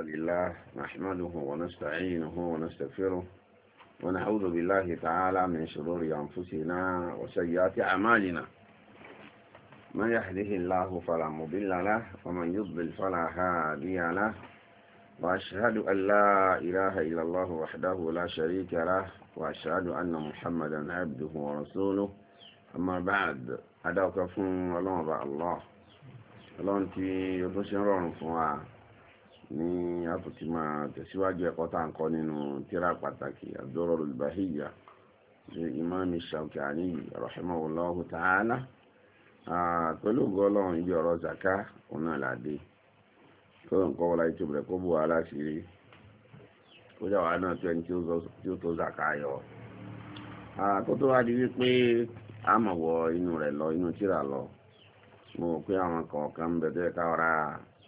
لله نحمده ونستعينه ونستغفره ونعوذ بالله تعالى من شرور أنفسنا وسيئات أعمالنا من يهده الله فلا مضل له ومن يضلل فلا هادي له وأشهد أن لا إله إلا الله وحده لا شريك له وأشهد أن محمدا عبده ورسوله أما بعد أدعوك فون الله الله الله أنت يدوش رون فواه ní àtúntí máa tẹ̀síwájú ẹ̀kọ́ tá nínú tíra pàtàkì ad-Durarul Bahiyya ní ìmáàmì Shawkani rahimahullahu ta'ala pẹ̀lú ògo ibi ọ̀rọ̀ zaka òun náà tó ń kọ́ wọlé tó bẹ̀rẹ̀ kó bù wá láṣìírí ó jà wá náà tí ó tó a mọ̀ wọ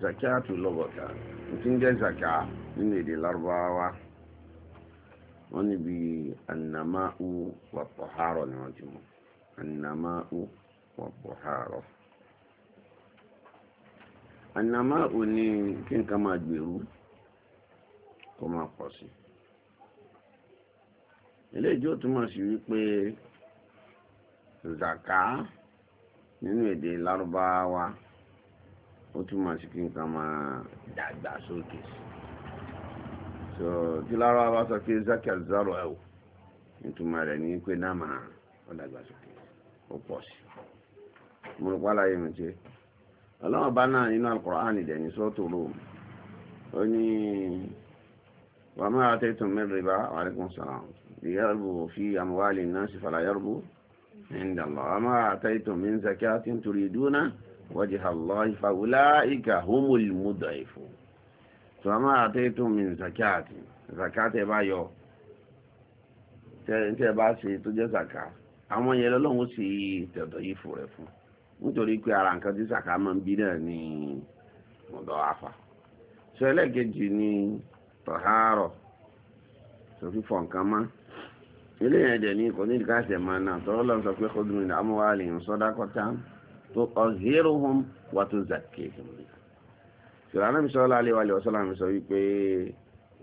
zakatu lọ́bọ̀ta tí ń jẹ́ zaka nínú èdè lárúbáwá wọ́n níbi annamá'u wà pọ̀hárọ̀ ni wọ́n ti mọ̀ annamá'u wà pọ̀hárọ̀ annamá'u ni kí n ká máa gbèrú kó máa pọ̀ sí ilé ìjọ túmọ̀ sí wípé zaka nínú èdè lárúbáwá ó túmọ̀ sí kí nǹkan máa dàgbà sókè sí so tí lára wa sọ pé zakia zaro ẹ̀wò ìtumọ̀ rẹ̀ ní pé náà máa ó dàgbà sókè ó pọ̀ sí mo rò pálá yẹn ti ọlọ́run bá náà nínú Al-Qur'an ìdẹ̀yìn sọ́tò rò ó ní wà máa ra tẹ́tùn mẹ́rin bá wàlẹ́kùn sàrán ìyàrùbù fi àmúwálì náà sì fàlàyàrùbù ní ìdàlọ́ wà máa ra tẹ́tùn min zakatin turiduna وجه الله فأولئك هم المضعفون فما أعطيتم من زكاة زكاة بايو tẹ́ bá ṣe tó jẹ́ zaka àwọn yẹn lọ́lọ́run sì tẹ̀dọ̀ yìí nítorí pé ara nǹkan tí máa ń bí náà ni ọ̀dọ̀ afa sọ ni sọ nǹkan ní kò ní ìdíkàṣẹ̀ máa náà sọ pé dùn ní ń sọ́dá tuqahhiruhum wa tuzakkihim ṣùgbọ́n anábì sallallahu alaihi wa sallam sọ wípé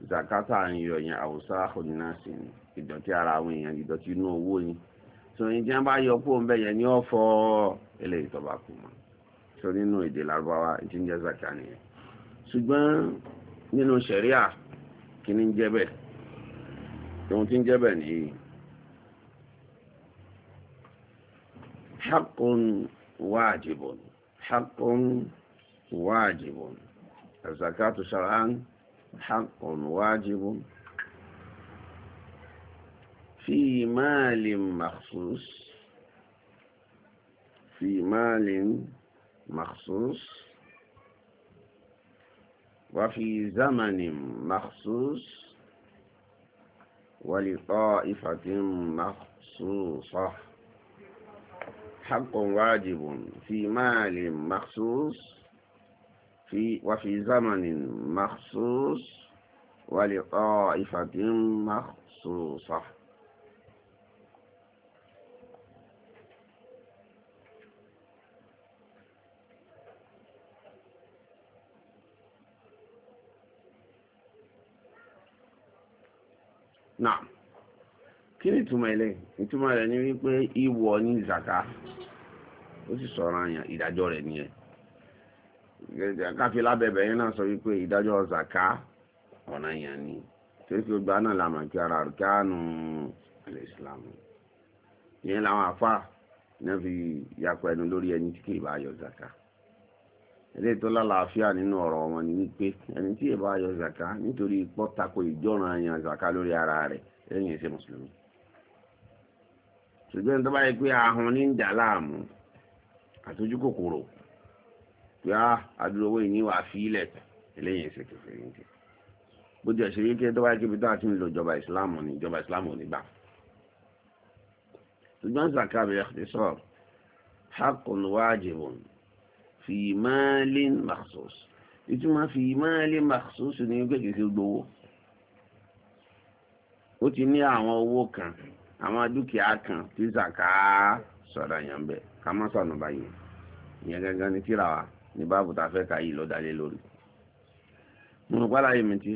zakata àyìnyọ̀ yẹn awsahun nas ni ìdọ̀tí ara àwọn èèyàn ìdọ̀tí inú owó ni sọyìn tí wọn bá yọ kó ń bẹ yẹn ní ọ̀fọ̀ eléyìí tó bá kú mọ́ sọ nínú èdè Lárúbáwá tí ń jẹ zaka nìyẹn ṣùgbọ́n nínú ṣẹ̀ríà kí ń jẹ́ ohun tí ń jẹ́ nìyí. واجب حق واجب الزكاة شرعا حق واجب في مال مخصوص في مال مخصوص وفي زمن مخصوص ولطائفة مخصوصة حق واجب في مال مخصوص في وفي زمن مخصوص ولطائفة مخصوصة نعم كيف إليه انتم على نبي يقول زكاة ó sì sọ̀rọ̀ àyàn ìdájọ́ rẹ̀ nìyẹn káfí lábẹ́bẹ̀ yẹn náà sọ wípé ìdájọ́ zaka ọ̀nà yẹn ni torí pé gbogbo àná làmà kí ara rẹ̀ káànù alẹ́ islam yẹn làwọn afá náà fi na ẹnu lórí ẹni tí kì bá yọ zaka ilé tó lálàáfíà nínú ọ̀rọ̀ wọn ni wípé ẹni tí ìbá yọ zaka nítorí pọ́tako ìjọ́ràn àyàn zaka lórí ara rẹ̀ ẹ̀sẹ̀ mùsùlùmí ṣùgbọ́n tó bá yẹ pé ní ń dà àtọ́jú kòkòrò pé ah, á àdúrówó ìní wà fi ilẹ̀ eléyìí ẹsẹ̀ kẹfẹ́ ní ti bó ti ẹ̀ṣẹ̀ wípé tó bá kébi tó àti ń lo ìjọba ìsìláàmù ni ìjọba ìsìláàmù ní gbà ṣùgbọ́n zaka bẹ̀rẹ̀ ti sọ̀rọ̀ hakun wajibun fi malin makhsus ìtumọ̀ fi malin makhsus ní gbèsè gbowó ó ti ní àwọn owó kan àwọn dúkìá kan tí zaka sọ̀rọ̀ yẹn bẹ́ẹ̀ ká má sọ̀nù báyìí ìyẹn gẹ́gẹ́ ní tíra wa ní báàbù tá a fẹ́ ka yìí lọ dalé lórí. mo rò pálá yìí mi ti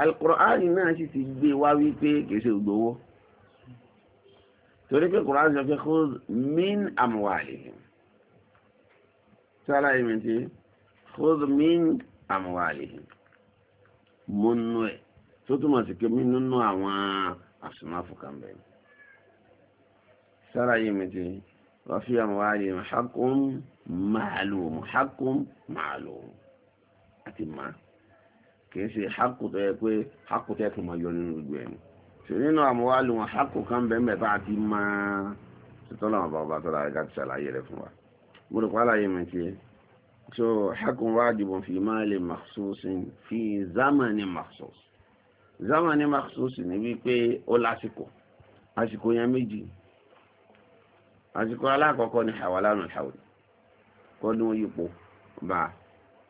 alukur'ani náà sì ti gbé wá wípé kìí ṣe gbowó torí pé kur'ani sọ pé kó min amwalihim sálá yìí mi ti kó min amwalihim mo nù ẹ̀ tó túmọ̀ sí pé mi nínú àwọn àsùnmáfù kan bẹ́ẹ̀ sálá yìí mi ti. وفي أموالهم حق معلوم حق معلوم أتما kìí ṣe hákù tó yẹ pé hákù tẹ́ tó máa yọ nínú gbogbo ẹ̀mí ṣe nínú àmúwálù wọn hákù kan bẹ́ẹ̀ bá ti máa ṣètò náà bá ọba tọ́lá ẹ̀ka ti ṣàlàyé rẹ̀ fún wa mo rò pàlàyé mi ti so hákù wájibun fi máàlì makhsusin fi zamani makhsus zamani makhsus ni wípé ó lásìkò àsìkò yẹn méjì àsìkò alákọ̀ọ́kọ́ ni hàwálánù hàwùl kọ́dún yípo bá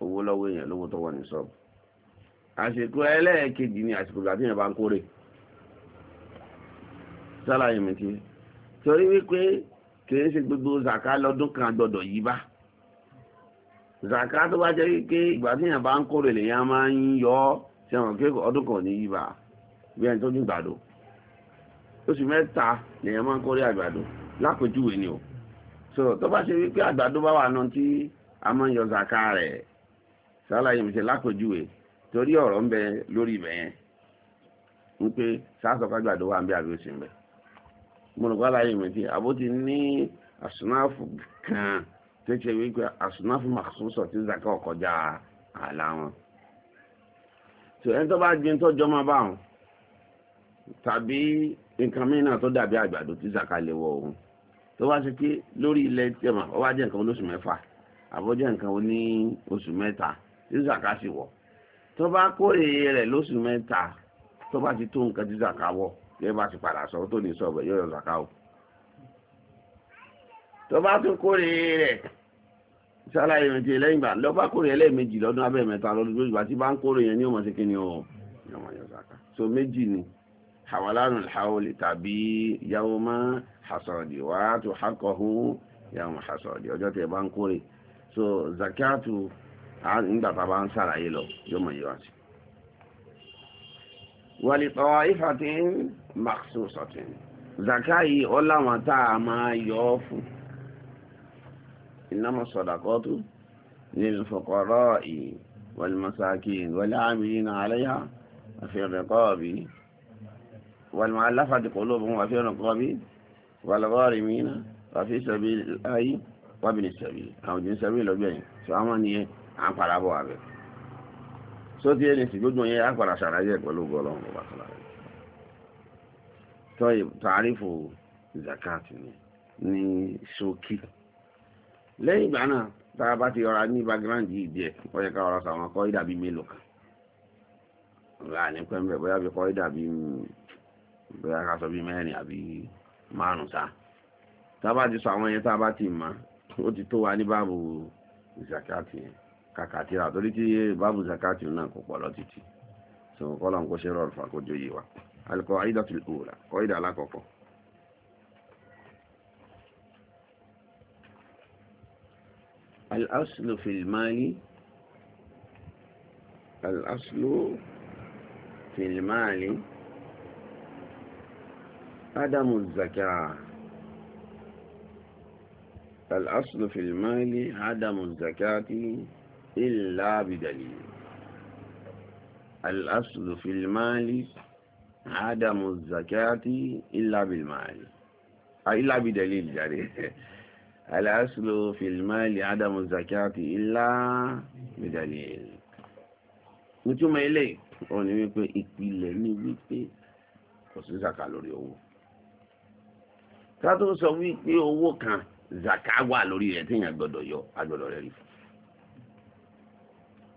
owó lọ́wọ́ èèyàn lówó tọwọ́ ní sọ́ọ̀bù àsìkò ẹlẹ́ẹ̀kejì ni àsìkò ìgbà tí èèyàn bá ń kórè sálàyé mi ti torí wípé kìí ṣe gbogbo zàká lọ́dún kan gbọ́dọ̀ yí bá zàká tó bá jẹ́ wípé ìgbà tí èèyàn bá ń kórè lèèyàn máa ń yọ ọ́ sẹ́wọ̀n kí ọdún kan ní yí bá bí ẹni tó ní ìgbàdo oṣù mẹ́ta lèèyàn máa ń kórè àgbàdo lápèjúwe ni o so tó bá ṣe wípé àgbàdo bá wà náà tí a máa ń yọ zaka rẹ̀ sálàyé mi ṣe lápèjúwe torí ọ̀rọ̀ ń bẹ lórí ibẹ̀ yẹn wípé sáàsọ̀ kágbàdo wà ń bẹ àbí ó sì ń bẹ mo rò pàlàyé mi ti àbó ti ní àsùnáfù kan tó ṣe wípé àsùnáfù màṣúṣọ tí zaka ọkọjá àlà wọn so ẹni tó bá gbin tó jọmọ báwọn tàbí nǹkan mìíràn tó dàbí àgbàdo tí zaka lè wọ òun tó wá sí pé lórí ilẹ̀ tí ẹ̀mà ọwá jẹ́ nǹkan olóṣù mẹ́fà àbọ̀jẹ́ nǹkan oní oṣù mẹ́ta tí zaka sì wọ̀ tó bá kórè rẹ̀ lóṣù mẹ́ta tó bá ti tó nǹkan tí zaka wọ̀ yóò bá ti padà sọ tó ní sọ̀bẹ̀ yóò yọ zaka o tó bá tún kórè rẹ̀ sálàyé mi ti lẹ́yìn gbà lọ bá kórè ẹlẹ́ẹ̀mejì lọ́dún abẹ́ẹ̀mẹ́ta lọ́dún lójú àti bá ń kórè yẹn ní ọmọ sí kí ni ó yọmọ yọ zaka so méjì ni. حولان الحول تبي يوم حصاد وتحقه يوم حصاد ọjọ́ tẹ́ bá ń kórè so zakatu nígbà tá a bá ń ṣàlàyé lọ yóò mọ̀ yíwá sí. wàlì ta'ifatin makhsusatin zaka yìí ó láwọn tá a máa yọ ọ́ fún innama sadaqatu lil fuqara'i wal masakin wal amilina 'alayha fi riqabi. والمعلفة قلوبهم وفي رقاب والغارمين وفي سبيل الله وابن السبيل أو جن سبيل وبين سوامان يي عن قرابو عبد سوتي يلي سجود من يي عن قرابو شرعية قلوب ولهم طيب تعريف زكاة ní ṣókí lẹ́yìn بعنا náà يراني bá ti ọ̀rá ní background yìí díẹ̀ ó yẹ ká ọ̀rọ̀ sàwọn kọ́ bóyá ká sọ bí mẹ́rin àbí márùn sáà tábà ti sọ àwọn yẹn tábà ti mọ̀ ó ti tó wa ní báàbù zakati yẹn kàkàtìrà torí tí báàbù zakati náà kò pọ̀ lọ sọ kọ́lọ̀ ń kó ṣe rọrùn fà kó jóye wa alùpùpù àìdàtù òòlà kọ́ ìdà alákọ̀ọ́kọ́ الأصل في المال الأصل في المال عدم الزكاة الأصل في المال عدم الزكاة إلا بدليل الأصل في المال عدم الزكاة إلا بالمال إلا بدليل يعني الأصل في المال عدم الزكاة إلا بدليل nítorí ilé ìpínlẹ̀ ní wípé kò sí zaka lórí owó ká tó sọ wípé owó kan zaka wà lórí rẹ̀ téèyàn gbọ́dọ̀ yọ agbọ́dọ̀ rẹ̀ rí fún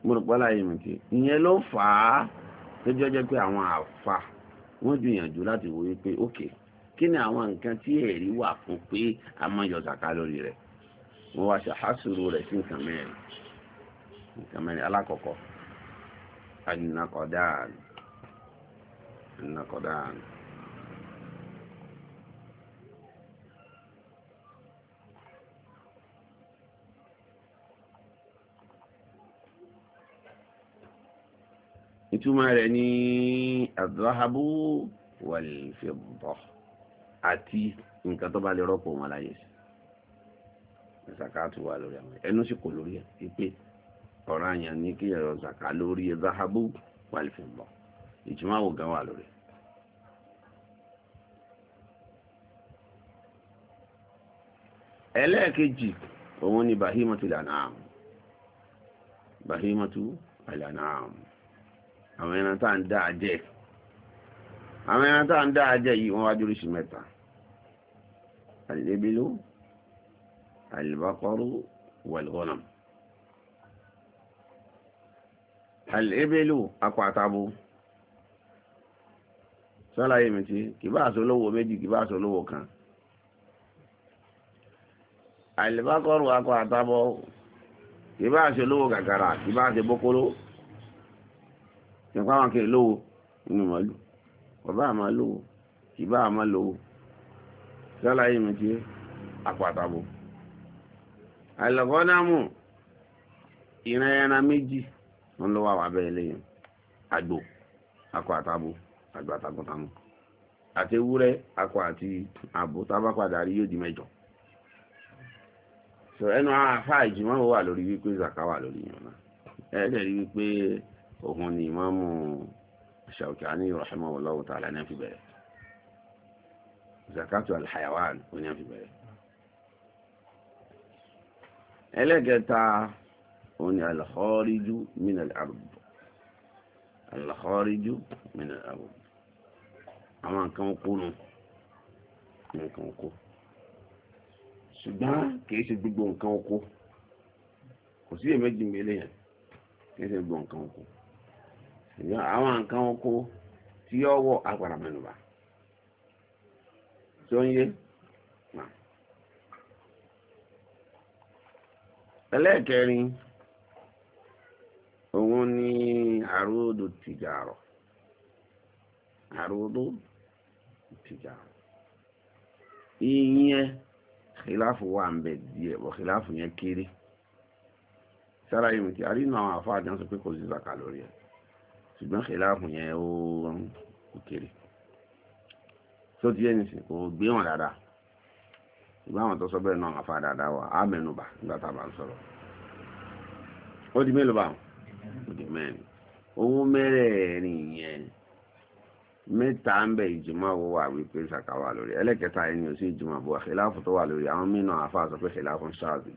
mo rò pé láyé mi ti ìyẹn ló fà á tó jẹ́jẹ́ pé àwọn àfa wọ́n gbìyànjú láti wòye pé ókè kí ni àwọn nǹkan tí ẹ̀rí wà fún pé a máa yọ zaka lórí rẹ̀ wọ́n wá ṣàhásùrù rẹ̀ sí nǹkan mẹ́rin nǹkan mẹ́rin alákọ̀ọ́kọ́ anakọ̀dáàlù anakọ̀dáàlù. ìtumọ̀ rẹ̀ ní àdúráhábù wàlìfẹ̀bọ̀ àti nǹkan tó bá lè rọ́pò wọn láyé sí zakatu wà lórí àwọn ẹnu sì kò lórí ẹ pé ọ̀rọ̀ àyàn ní kí ẹ̀rọ zaka lórí zahabu wàlìfẹ̀bọ̀ ìtumọ̀ àwọn gan wà lórí. ẹlẹ́ẹ̀kejì òun ni bahimatu lanam bahimatu lanam àwọn ẹran tá à ń dá àjẹ àwọn ẹran tá à ń dá àjẹ yìí wọ́n wájú oríṣi mẹ́ta àlébílú àlìbákọ́rú wàlúwọ́nà àlébílú akọ àtàbò sọ́láyé mi ti kìbá àsolówó méjì kìbá àsolówó kan àlìbákọ́rú akọ àtàbò kìbá àsolówó kàkàrà kìbá àti bókóló ṣẹ̀pá àwọn akẹ́rẹ́ lówó inú màálù bàbá àmà lówó ìbá àmà lówó sálàyé mi ti àpàtàbò àlọ́kọ́dámù ìran ẹran méjì wọn lọ́wọ́ àwọn abẹ́ ẹlẹ́yìn àgbò akọ àtàbò àgbò àti ewúrẹ́ akọ àti àbò tábàpadà rí yóò di mẹ́jọ so ẹnu àáfàá ìjìmọ̀ wà lórí wípé zaka wà lórí yàn ẹ̀ẹ́dẹ̀ rí wípé òun ni ìmáàmù Ṣawkani rahimahullahu ta'ala ní fi bẹ̀rẹ̀ zakatu alhayawan ní fi bẹ̀rẹ̀ ẹlẹ́gẹta òun ni alkhāriju min al-ard alkhāriju min al-ard àwọn nǹkan kúrò nǹkan oko ṣùgbọ́n kìí ṣe gbogbo nǹkan oko kò sí èméjì mẹ́lẹ̀ kìí ṣe gbogbo nǹkan oko àwọn nǹkan oko tí yọ wọ agbára mẹ́nubà tó ń yé ẹlẹ́ẹ̀kẹrin òun ni àròdò tìjàrọ̀ àròdò tìjàrọ̀ ìyẹn kìláàfù wà ń bẹ díẹ̀ bọ̀ kìláàfù yẹn kéré sára ìmìtì àrínà àwọn àfáà jẹ́ sọ pé kò sí zaka lórí ṣùgbọ́n kìláàfù yẹn ó kéré tó ti yẹn nìsín kò gbé wọn dáadáa ṣùgbọ́n àwọn tó sọ bẹ́ẹ̀ náà àfa dáadáa wà á mẹ́nubà nígbà tá a bá ń sọ̀rọ̀ ó di mélòó báwọn ó di mẹ́rin owó mẹ́rẹ̀ẹ̀rin yẹn mẹ́ta ń bẹ ìjùmọ̀ wo wà wípé ṣàkà wà lórí ẹlẹ́kẹta yẹn ni ò sí ìjùmọ̀ bó wà kìláàfù tó wà lórí àwọn mí náà àfa sọ pé kìláàfù ń ṣáàzì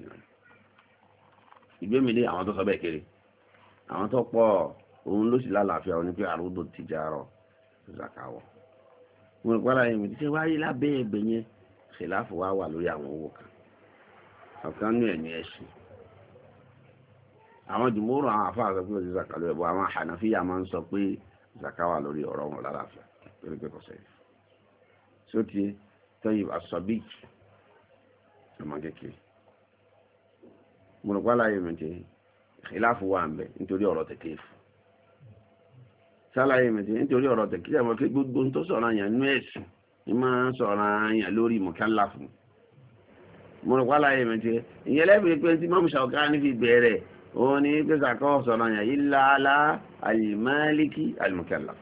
ìgbé mi ní àwọn tó sọ bẹ́ẹ̀ kéré àwọn tó pọ̀ òun ló sì lálàáfíà òní pé àrùdò tìjàrọ̀ zakawọ̀ mo rò pàdà yẹn ṣe wáyé lábẹ́ ẹgbẹ́ yẹn ṣèláfù wá wà lórí àwọn owó kan ọ̀kan nú ẹ̀mí ẹ̀sìn àwọn jùmọ̀rọ̀ àwọn afá àgbẹ̀ pé zaka lórí ẹ̀bọ̀ àwọn Hanafiya máa ń sọ pé zaka wà lórí ọ̀rọ̀ wọn lálàáfíà lórí pé kò sẹ́yìn tí ó ti tọ́yìn asọ́bíkì ọmọ kékeré mo rò pàdà yẹn ṣe ṣèláfù wà ń bẹ nítorí ọ̀rọ̀ tẹ̀kẹ́ fún sálàyé mi ti nítorí ọ̀rọ̀ tẹ̀kílẹ̀ mọ́ pé gbogbo tó sọ̀rọ̀ yẹn nú ẹ̀sìn ni máa ń sọ̀rọ̀ yẹn lórí mọ̀kánlá fún mo rò wálàyé mi ti ìyẹn lẹ́bìí pé tí mọ́mú ṣàkóká ní fi bẹ̀rẹ̀ òun ni pé sàkọ́ sọ̀rọ̀ yẹn illa ala al-maliki al-mukallaf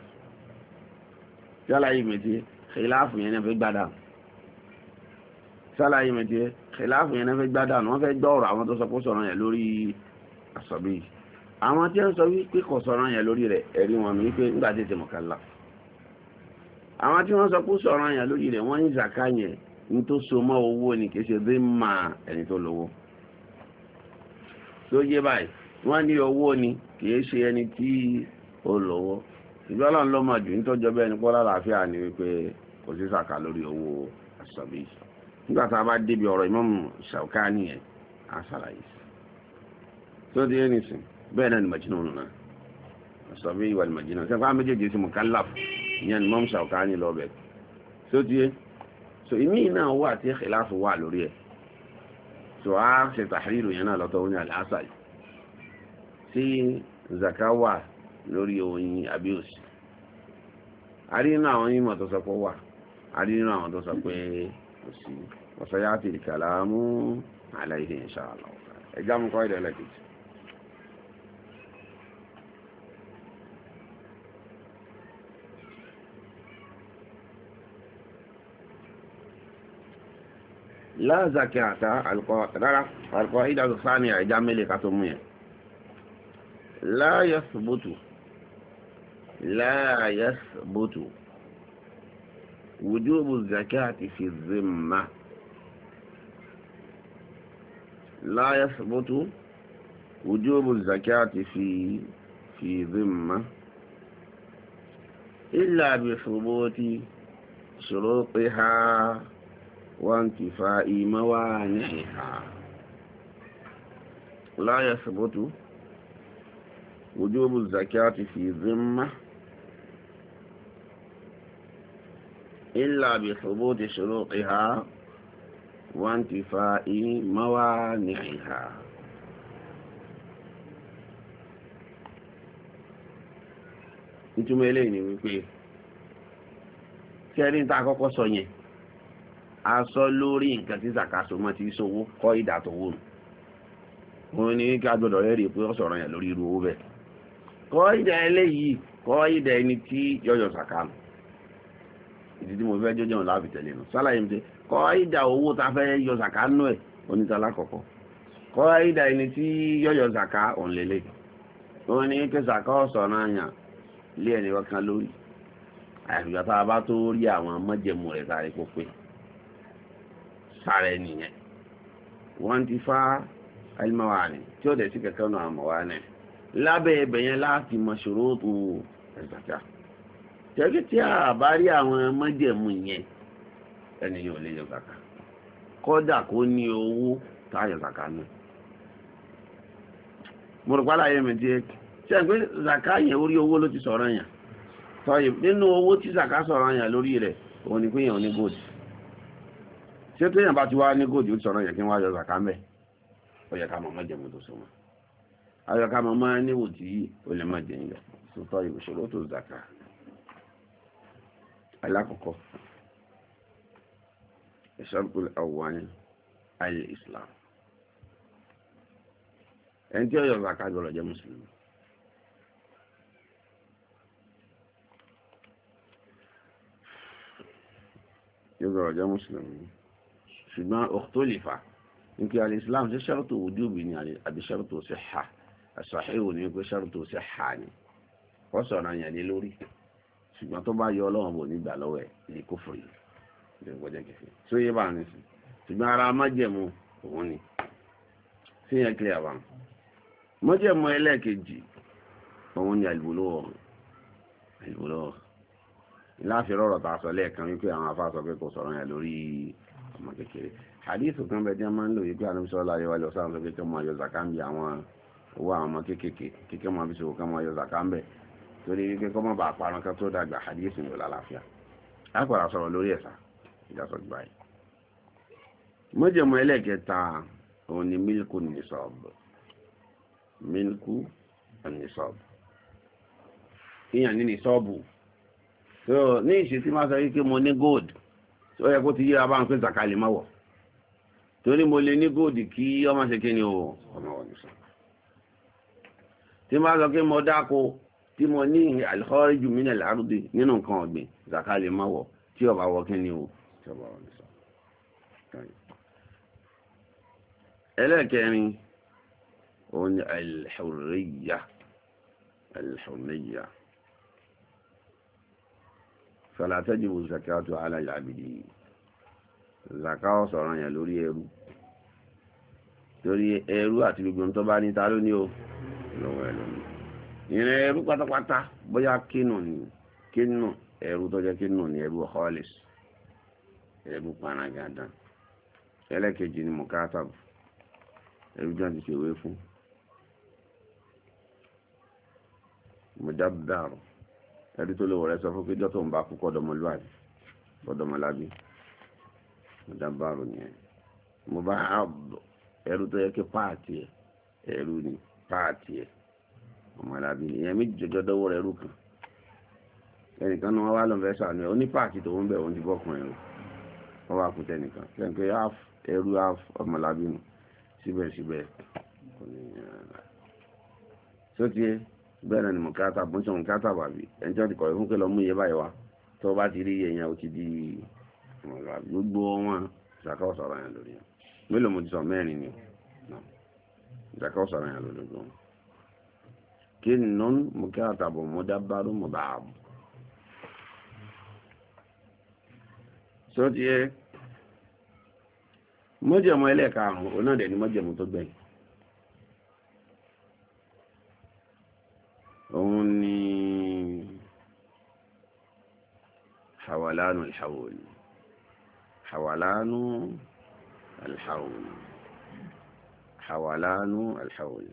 sálàyé mi ti khilafu yẹn náà fi gbádà sálàyé mi ti khilafu yẹn náà fi gbádà wọ́n fẹ́ gbọ́ ọ̀rọ̀ àwọn tó sọ pé sọ̀rọ̀ yẹn lórí àsọ̀bí yìí àwọn tí ó ń sọ wípé kò sọ̀rọ̀ yẹn lórí rẹ̀ ẹ̀rí wọn ni wípé nígbà tí tèmọ̀ kálá àwọn tí wọ́n sọ pé sọ̀rọ̀ yẹn lórí rẹ̀ wọ́n ní zaka yẹn ní tó so mọ́ owó ni kì í ṣe dé mà ẹni tó lówó tó yé báyìí wọ́n ní owó ni kì í ṣe ẹni tí ó lówó ìgbà ọlọ́run ló máa jù ní tọ́jọ́ bẹ́ẹ̀ ni pọ́lá làáfíà ni wípé kò sí zaka lórí owó àṣàbí nígbà tá a bá bẹ́ẹ̀ náà ni majnun náà sọ̀bí ìwà ni majnun sẹ́fà méjèèjì sí mukallaf ìyẹn ni mọ́mùsà ọ̀ká ní lọ́bẹ̀ tó tiẹ́ so ìmí náà wà tí khilafu wà lórí ẹ̀ so a ṣe tàhírù yẹn náà lọ́tọ̀ oní àlàásà yìí sí zaka wà lórí oyin abíòsì a rí nínú àwọn yìí mọ̀ tó sọ pé wà a rí àwọn tó sọ pé kò sí ọ̀sọ̀ yá kàlámù aláìhìn insha Allah ẹ̀já mú láàzàkì àtà alkọ̀ rárá alkọ̀ ìdàtò sáàni àìjá mẹ́lẹ̀ ká tó mú yẹn láyẹ̀s bótù láyẹ̀s bótù wùdúbù zàkì àti fi zimma láyẹ̀s bótù wùdúbù zàkì àti fi zimma ìlà ṣòro pé ha. وانتفاء موانعها لا يثبت وجوب الزكاة في ذمة إلا بثبوت شروطها وانتفاء موانعها ìtumọ̀ eléyìí ni wípé tí ẹni tá a kọ́kọ́ sọ yẹn asọ lórí nǹkan tí zakaso mọ́ ti sówó kọ́ ìdàtọ̀ owó nù òun ni ká gbọ́dọ̀ rẹ́rì pé ó sọ̀rọ̀ yẹn lórí irú owó bẹ́ẹ̀ kọ́ ìdà eléyìí kọ́ ìdà ẹni tí yọ̀yọ̀ sàkánù ìdí tí mo fẹ́ jọjọ́ òun láàbì tẹ̀lé nù sálàyé mi pé kọ́ ìdà owó ta fẹ́ yọ sàkánù ẹ̀ onítàlá kọ̀kọ́ kọ́ ìdà ẹni tí yọ̀yọ̀ sàká òun lélẹ̀ ni kí sàká ọ̀sọ̀rọ̀ yàn lé ẹnì kan lórí àyàfìgbà tá bá tó rí àwọn mọ́jẹ̀mú rẹ̀ sáré kó pé sára ẹni wọ́n ti fa alimawa ni tí ó dẹ̀ sí kẹ̀kẹ́ náà àmọ̀wá náà lábẹ́ yẹn láti mọ ṣòro tó ẹ̀sàkà tẹ́lẹ̀ tí a bá rí àwọn yẹn ẹni yóò kó ní owó ti zaka sọ̀rọ̀ yẹn lórí rẹ̀ òun ni pé yẹn ò ṣé téèyàn bá ti wá ní kò jù sọ̀rọ̀ yẹ kí wọ́n ayọ̀ zàkà mẹ́ ó yẹ ká mọ̀ mọ́jẹ̀ mọ́ tó so mọ́ ayọ̀ ká mọ̀ mọ́ níwò tí ó lè mọ́ jẹ̀yìn lọ sọ́tọ́ ìṣòro tó zàkà alákọ̀ọ́kọ́ ìṣàkùlẹ̀ ọ̀wọ́n ayé Islam ẹni tí ó yọ zàkà gbọ́dọ̀ jẹ́ mùsùlùmí yóò gbọ́dọ̀ jẹ́ mùsùlùmí ṣùgbọ́n ọ̀tọ́lìfà nípa alìsílám ṣe ṣàrùtò wùdúbì ni àbí ṣàrùtò sí ha àṣàhíwò ní pé ṣàrùtò sí ha ni wọ́n sọ̀rọ̀ àyàn lé lórí ṣùgbọ́n tó bá yọ ọlọ́run bò nígbà lọ́wọ́ ẹ̀ lè kó fòrì lẹ́gbọ́jẹ́ kẹfẹ́ tó yé bá ní sí ṣùgbọ́n ara májẹ̀mú òun ni sí yẹn kílẹ̀ àbá májẹ̀mú ẹlẹ́ẹ̀kejì òun ni àlùbọ́lọ́wọ́ àlùbọ́lọ́wọ́ ọmọ kékeré hadith kan bẹ jẹ́ máa ń lò yìí pé àdúgbò sọ́lá ayé wájú ọ̀sán ló kékeré máa yọ zaka ń bi àwọn owó àwọn ọmọ kékeré kékeré máa fi ṣòwò kan máa yọ zaka ń bẹ̀ torí wípé kọ́ mọ̀ bá parun kan tó dàgbà hadith ní ọ̀làláfíà lápàdà sọ̀rọ̀ lórí ẹ̀sà ìdásọ̀ gbà yìí. mọ́jẹ̀mọ́ ẹlẹ́kẹta òun ni mílíkù nìṣọ́b mílíkù nìṣọ́b ìyàn ní nìṣọ́bù ní ìṣètí máa sọ wípé mo ní gold tí ó yẹ kó ti yíra bá ń pín zaka má wọ̀ torí mo lè ní góòdì kí ọmọ ṣe kí ni o ọmọ wọn nìṣọ tí máa sọ pé mo dáko tí mo ní àlùkọ́rí jù mí nílẹ̀ nínú nǹkan ọ̀gbìn zaka má wọ̀ tí ó bá kí ni o tí ọba wọn nìṣọ. ẹlẹ́ẹ̀kẹrin òun ni alḥurriya alḥurriya. fala tajibu zakatu ala al-abidi zaka ọ̀sọ̀rọ̀ yẹn lórí ẹrú torí ẹrú àti gbogbo tó bá ní ta ló ní o lọ́wọ́ ẹ lónìí ìrìn ẹrú pátápátá bóyá kínú ni kínú eru tó jẹ́ kínú ni ẹrú khalis ẹrú panagada ẹlẹ́kejì ni mukatabu ẹrú jẹ́ ti ẹni tó lówó rẹ sọ fún pé dọ́tò ń bá kú kọ́dọ̀mọlúwàbí kọ́dọ̀mọlábí mọ̀dábàrò nìyẹn mo bá ẹrú tó yẹ kí páàtì ẹ̀ ẹrú ni páàtì ẹ̀ ọmọlábí ni ìyẹn méjì jọjọ dọ́wọ́ rẹ̀ rú kan ẹnìkan náà wá lọ́n fẹ́ sànú ẹ̀ ó ní páàtì tó ń bẹ̀ wọ́n ti bọ́kùnrin rẹ̀ wọ́n wá kú tẹnìkan kẹ́ńkẹ́ ẹrú ọmọlábí nù síbẹ̀síbẹ̀ kò ní eh, bẹ́ẹ̀ náà ni mọ̀kátà bó ń sọ mọ̀kátà bàbí ẹni tí wọ́n ti kọ̀ fún pé lọ mú iye báyìí wá tó bá ti rí iye yẹn ó ti di gbogbo wọn ìsàkọ́ sọ̀rọ̀ yẹn lórí mélòó mo ti sọ mẹ́rin ni ìsàkọ́ sọ̀rọ̀ yẹn lórí gbogbo wọn. kí ni nọ́ọ̀nù mọ̀kátà bò mo dá bá rúmọ̀ bá a bù. sọ́tìyẹ mọ́jẹ̀mọ́ ẹlẹ́ẹ̀karùn-ún onáàdẹ̀ ni mọ́jẹ̀mọ́ tó gbẹ̀yìn. òun ni حولان الحول حولان الحول حولان الحول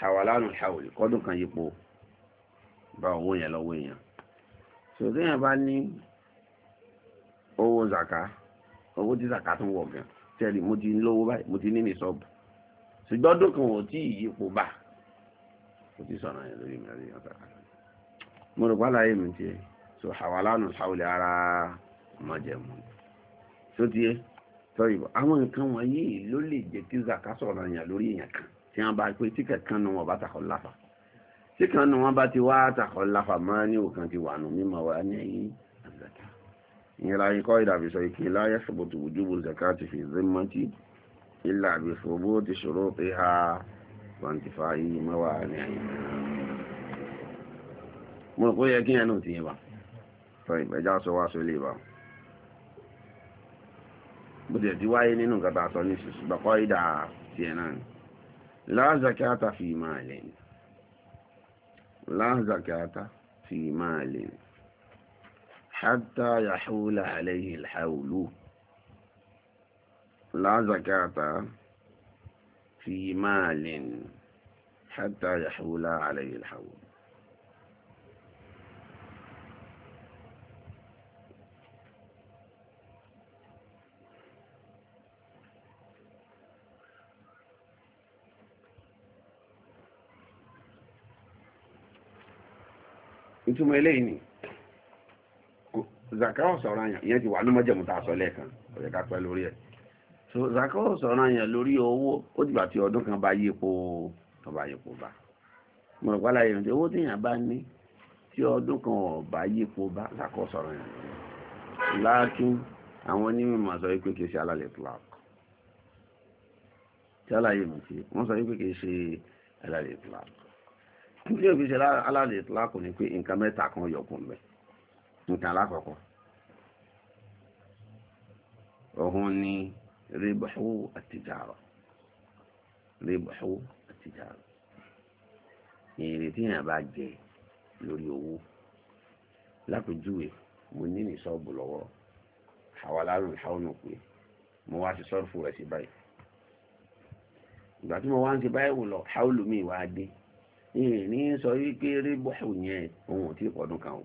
حولان الحول kọ́dún kan yípo bá owó yẹn lọ́wọ́ èèyàn so téèyàn bá ní owó zaka owó tí sàkà tó wọ̀ gan tẹ́lẹ̀ mo ti lówó báyìí mo ti ní ní sọ́ọ̀bù ṣùgbọ́n dókun ò tí ìyípo bá kò tí sọ̀rọ̀ yẹn lórí mi lórí ọ̀sà kan mo rò pálá yìí mi tiẹ̀ so hawalanu hawlẹ̀ ara májẹ̀mú tó tiẹ̀ sọ́yìn bọ̀ àwọn nǹkan wọ̀nyí ló lè jẹ́ kí zaka sọ̀rọ̀ yẹn lórí èèyàn kan tí wọ́n bá pé tí kẹ̀kan nu wọn bá takọ̀ láfa tí kan nu wọn bá ti wá takọ̀ láfa máa ní òkan ti wà nù mímọ̀ wá ní ẹ̀yìn ìyẹn láyé kọ́ ìdàbí sọ ike láyé ṣòbòtò wujubu zakati fi zimmati illa bi thubuti shurutiha wàǹtífà yìí mẹ́wàá ní àyè mo rò pé yẹ kí yẹn náà ti yẹn bá sọ ìgbẹ́jà sọ wá sọ ilé ìbámu bóde ti wáyé nínú nǹkan tàà sọ ní ṣùgbọ́kọ́ ìdá ti ẹ̀ náà la zakata fi malin la zakata fi malin حتى يحول عليه الحول لا زكاة في مال حتى يحول عليه الحول أنتم eléyìí ni zakao sọ̀rọ̀ àyàn ìyẹn ti wà ní mọ́jẹ̀mú tá a sọ lẹ́ẹ̀kan ọ̀rẹ́ ká pẹ́ lórí ẹ̀ so zakao sọ̀rọ̀ àyàn lórí owó ó dìgbà tí ọdún kan bá yípo tó bá yípo bá mo rò pálá yẹn owó téèyàn bá ní tí ọdún kan ò bá yípo bá zakao sọ̀rọ̀ àyàn láàkín àwọn onímọ̀ sọ wípé kì í ṣe alálẹ̀ tlak tí aláyé mi ti wọ́n sọ wípé kì í ṣe alálẹ̀ tlak nítorí òfin ṣe alálẹ̀ tlak ni pé nǹkan mẹ́ta kan yọkùn mẹ́ta nǹkan alákọ̀ọ́kọ́ òhun ni ribahu àtijàrọ̀ ribahu àtijàrọ̀ èrè tí yàn bá jẹ lórí owó lápèjúwe mo ní ní sọ́ọ̀bù lọ́wọ́ àwa lárùn ìṣàwọnù pé mo wá sí sọ́ọ̀fù rẹ̀ sí báyìí ìgbà tí mo wá ń ṣe báyìí wò lọ ṣáwùlù mi wá dé ìrìn sọ wípé ribahu yẹn òun ò tí ì pọ̀dún kan o.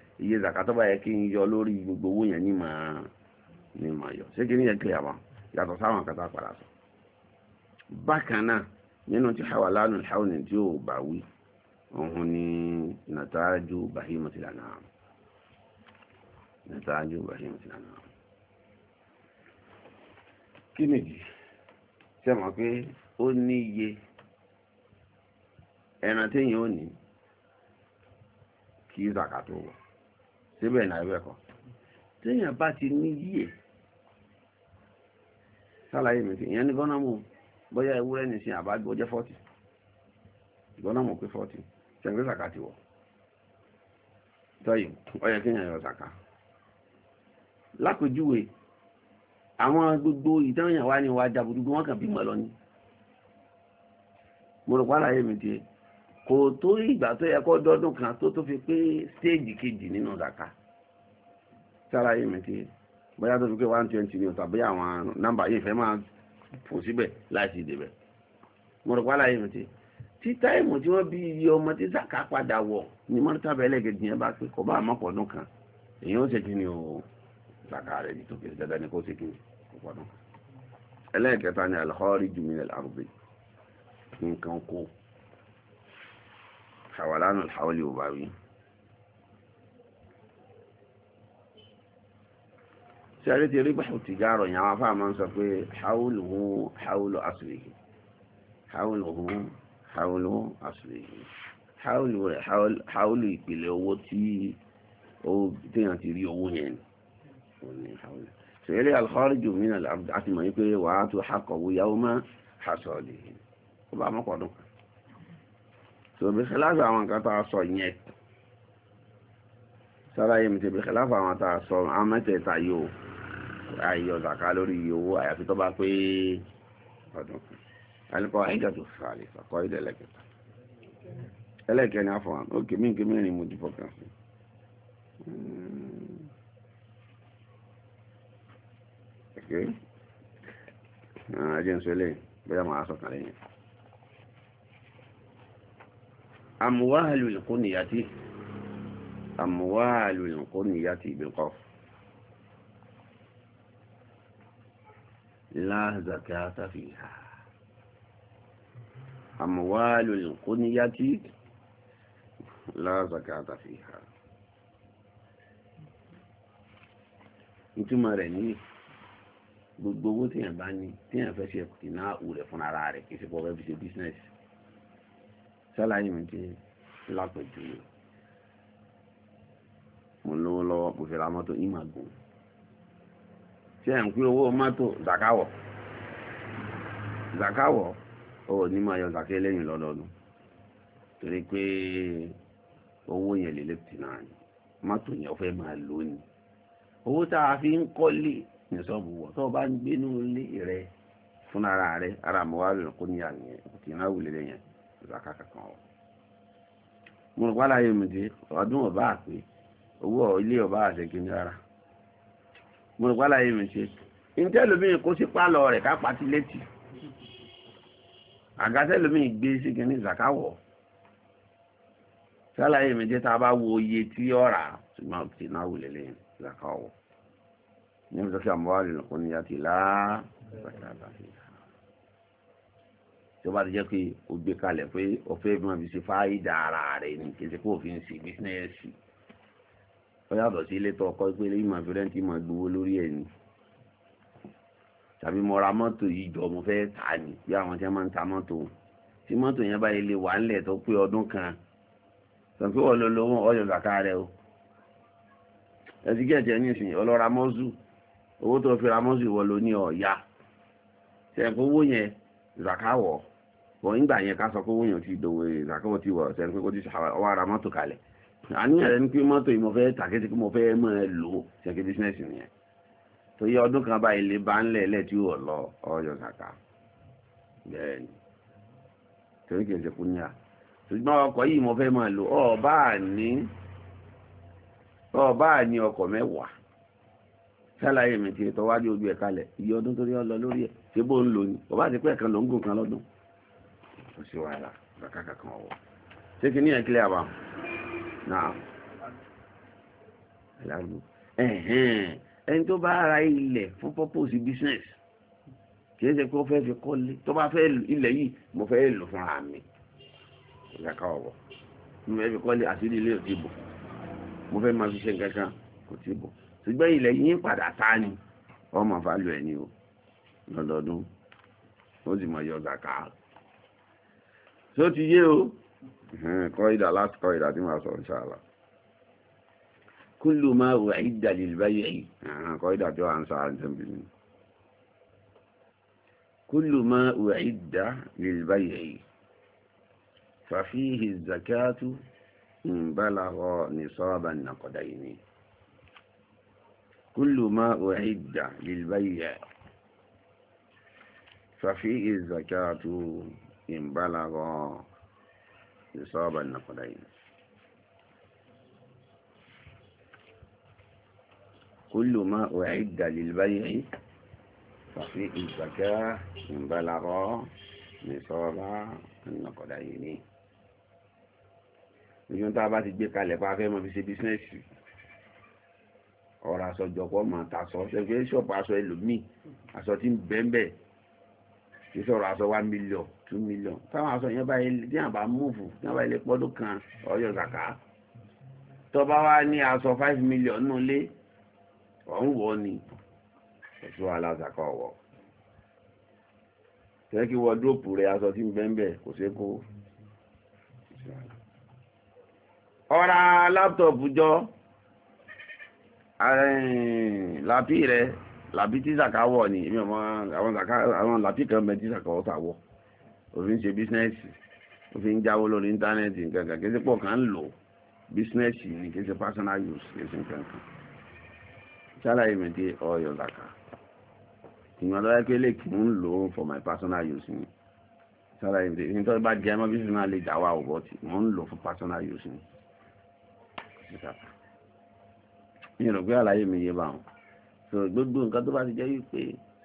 iye zakato bá yẹ kí n yọ lórí gbogbo owó yẹn ní màá ní màá yọ ṣé kí ni yẹn kílẹ̀ wa yàtọ̀ sáwọn kan padà sọ. bákan náà nínú ti hawalanu hawni tí ò bá wí òun ni nàtàájú bahimatil anam nàtàájú bahimatil anam. kí nìdí ṣe mọ̀ pé ó ní iye ẹran téèyàn ò ní kí zàkàtọ̀ wọ̀ síbẹ̀ náà ẹgbẹ́ kan téèyàn bá ti ní yíyẹ sálàyé mi ìyẹn ní gọ́nàmù bóyá ewúrẹ́ ní sin àbájú ó jẹ́ fọ́tì gọ́nàmù pé fọ́tì ṣẹ̀gbẹ́ sàkà ti wọ̀ tọ́yì ó yẹ kéèyàn yọ sàkà lápèjúwe àwọn gbogbo ìtàn yàn wá ní wájà gbogbo wọn kàn lọ ni mo rò pàlàyé mi tiẹ̀ kò tó ìgbà tó yẹ kó dọ́dún kan tó tó fi pé stéèjì kejì nínú zaka sára yìí mẹ́tí bóyá tó fi pé one twenty ní ọ̀tà bóyá àwọn nọ́mbà yìí fẹ́ máa fò síbẹ̀ láti ìdìbẹ̀ mo rò pálá yìí mẹ́tí tí táìmù tí wọ́n bí iye ọmọ tí zaka padà wọ̀ ni mọ́tà bẹ́ẹ̀ lẹ́gẹ̀dì yẹn bá pé kò bá àmọ́ pọ̀dún kan èyí ó ṣe kí ni o zaka rẹ̀ ní tòkè dandan ni kò ṣe kí ni kò kan ẹlẹ́ẹ̀kẹta ni alhọ́rí jùmílẹ̀ àrùbí nǹkan kó حولان الحول وباوي سألت ربح التجارة يعني عفا من صفي حوله حول أصله حوله حول أصله حول حول حول بلوتي أو تنتي ريوهن حول سيري الخارج من العبد عتما يقول وآتوا حقه يوم حصاده وبعد ما قدوك so bí kìláàsì àwọn nǹkan tá a sọ yẹn sára yìí mìtì bí kìláàsì àwọn tá a sọ àwọn mẹ́tẹ̀ẹ̀ta yóò ayọ̀ zàká lórí iye owó àyàfi tó bá pé ọdún alùpà ẹ̀jẹ̀ tó fàlẹ̀ fàkọ́ ìdẹ̀ ẹlẹ́kẹta ẹlẹ́kẹni àfọ̀hàn ó kèmí kèmí rìn mo ti fọkàn sí ẹ̀jẹ̀ ah, ń sọ eléyìí bóyá màá sọ̀kan lẹ́yìn. àmúwáàlù ìkónìyàtì àmúwáàlù ìkónìyàtì ìbìkọ́ láàzàkà tàfihà àmúwáàlù ìkónìyàtì láàzàkà tàfihà ìtumọ̀ rẹ̀ ní gbogbo owó tí èèyàn bá ní tí èèyàn fẹ́ ṣe kìnnà àwù rẹ̀ fúnra rẹ̀ kì í pọ̀ fẹ́ fi ṣe bísínẹ́sì sálàyé mi ti lápẹ̀jù mo lówó lọ́wọ́ mo fẹ́ ra mọ́tò ìmàgùn tí ẹ̀ ń pín owó mọ́tò zakawọ̀ zakawọ̀ ó ní máa yọ zakẹ́ lẹ́yìn lọ́dọọdún torí pé owó yẹn lè lẹ́tì náà ni mọ́tò yẹn fẹ́ máa lò ní owó tá a fi ń kọ́lé ní sọ́ọ̀bù wọ̀ tó o bá ń gbénú ilé rẹ fún rẹ ara mọ́wálì kò ní àná yẹn lélẹ́yìn zaka kankan wọ̀ mo rò pálá yìí mìdí ọdún ọba àpè owó ilé ọba àṣẹkì ní rárá mo rò pálá yìí mìdí ìtẹ́lómìn kó sí pálọ̀ rẹ̀ ká pati létí àgátẹ́lómìn gbé sí kìíní zaka wọ̀ sálàyé mi tá a bá wo iye tí ọ̀rà ṣùgbọ́n ti náà wù lélẹ̀ zaka wọ̀ ní ọjọ́ kí àmọ́ wà lè lọ́kọ́ níyà ti láà zaka àtàfíà tí ó bá ti jẹ́ pé o gbé kalẹ̀ pé o fẹ́ bí wọ́n fi ṣe fáyidà ara rẹ̀ ni kì í ṣe pé òfin ṣe bísínẹ́sì ó yàtọ̀ sí ilé tó ọkọ pé ilé ìmọ̀ fẹ́rẹ́ǹtì máa gbowó lórí ẹ̀ ni tàbí mo ra mọ́tò yìí jọ mo fẹ́ tà ní bí àwọn tí wọ́n máa ń ta mọ́tò tí mọ́tò yẹn báyìí lè wà ńlẹ̀ tó pé ọdún kan tàbí wọ́n lọ lọ́wọ́ ọyọ̀ zàkà rẹ̀ o ẹtí kẹ̀kẹ́ nísìnyí ọlọ́ra mọ́sù owó tó fi ra mọ́sù ìwọ ló ní ọ̀ya tẹ̀kọ́ owó yẹn zàkà bọ̀ nígbà yẹn ká sọ pé ti dòwò ìsàkọ́wọ́ ti wọ̀ ọ̀sẹ̀ pé ti ọwọ́ ara mọ́tò kalẹ̀ àníyàn ni pé mọ́tò yìí mo fẹ́ kan báyìí lè bá ń lẹ̀ lẹ̀ tí ò lọ ọyọ torí kì í ṣe kú ṣùgbọ́n ọkọ̀ yìí mo fẹ́ mọ́ lò ọba ní ọdún kan lọ́dún kò sí wàhálà bàkà kankan ọ̀wọ́ ṣé kí ní ẹ̀ kílẹ̀ àbá náà eh ẹ̀hẹ́n ẹni tó bá ra ilẹ̀ fún purpose business kì í ṣe pé ó fẹ́ fi kọ́lé tó bá fẹ́ ilẹ̀ yìí mo fẹ́ lò fúnra mi ìyàká ọ̀wọ́ mo fẹ́ fi kọ́lé àti ilé ò ti bò mo fẹ́ máa fi ṣe nǹkan kan kò ti bò ṣùgbọ́n ilẹ̀ yìí padà ta ni ọmọ fàlù ẹ̀ ni o lọ́dọọdún ó sì mọ̀ yọ zaka tó ti yé o kọ́ ìdà láti kọ́ ìdà tí wọ́n sọ ìṣàlá kúlù máa wà ìdà lè báyé yìí kọ́ ìdà tí wọ́n sọ àjẹ́bì ni kúlù máa wà ìdà lè yìí fàfíhì zakatu ń ní sọ́ọ̀bà nàkọ̀dá yìí ni kúlù máa wà ìdà lè báyé ففيه الزكاة إن بلغ نصاب النقدين كل ما أعد للبيع ففي الزكاة إن بلغ نصاب النقدين ìyọ́n tá a bá ti gbé kalẹ̀ pa afẹ́ mọ́ fi ṣe bísínẹ́sì ọ̀rọ̀ aṣọ jọ̀pọ̀ mọ̀ tàṣọ ṣẹ́gbẹ́ ṣọ́ọ̀pù aṣọ ẹlòmíì aṣọ tí ń bẹ́ẹ̀ bẹ́ẹ̀ kí sọ̀rọ̀ aṣọ wá mílíọ̀nù two million táwọn aṣọ yẹn báyìí tí àwọn bá múùfù tí àwọn bá ilé pọ́dún kan ọyọ zaka tó bá wá ní aṣọ five million nù lé ọ̀hún wọ̀ ni ẹ̀ṣọ́ alázàkà ọ̀wọ̀ tẹ́ kí wọ́dúrópù rẹ̀ aṣọ tí ń bẹ́ńbẹ́ kò ṣeé kó ọ̀rá láptọ̀pù jọ làpí rẹ̀ làbí tí zaka wọ̀ ni èmi àwọn làpí kan bẹ tí zaka wọ̀ sà wọ̀ òfin ṣe bísínẹ́sì òfin jáwó lórí íńtánẹ́ẹ̀tì nǹkan kan kí ẹ ti pọ̀ kàn ń lò bísínẹ́sì ni kí ẹ ti personal use kí ẹ ti nǹkan kan ṣàlàyé mi dé ọyọ zaka ìwọ̀n lọ́wọ́ pé lè kí n lò ó for my personal use ni ṣàlàyé mi dé ìyẹn tó bá jẹ́ mọ́bí sínú àlè ìjà wa ò bọ́ tí mò ń lò for personal use ni mi rò pé àlàyé mi yé báwọn so gbogbo nǹkan tó bá ti jẹ́ wípé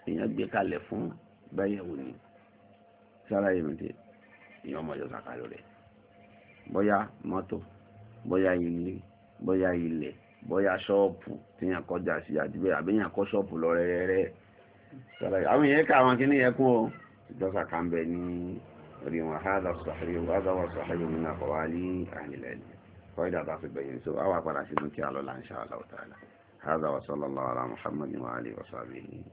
èèyàn gbé kalẹ̀ fún báyẹ̀wò ni. sára ìmìtì ìyẹn ọmọ ìjọ sàkà lórí boya mọ́tò boya ilé boya ilẹ̀ bóyá ṣọ́ọ̀pù tíyàn kọjá sí àdìbẹ́ ko kọ́ ṣọ́ọ̀pù lọ rẹ́rẹ́rẹ́ sára àwọn èèyàn ká àwọn kíní o ìjọ sàkà ń bẹ ní orí wọn hádà sàhíyó hádà wà sàhíyó mi náà kọ̀ wá ni kọ́ìdà bá fi gbẹ̀yìn so ala Muhammadin wa alihi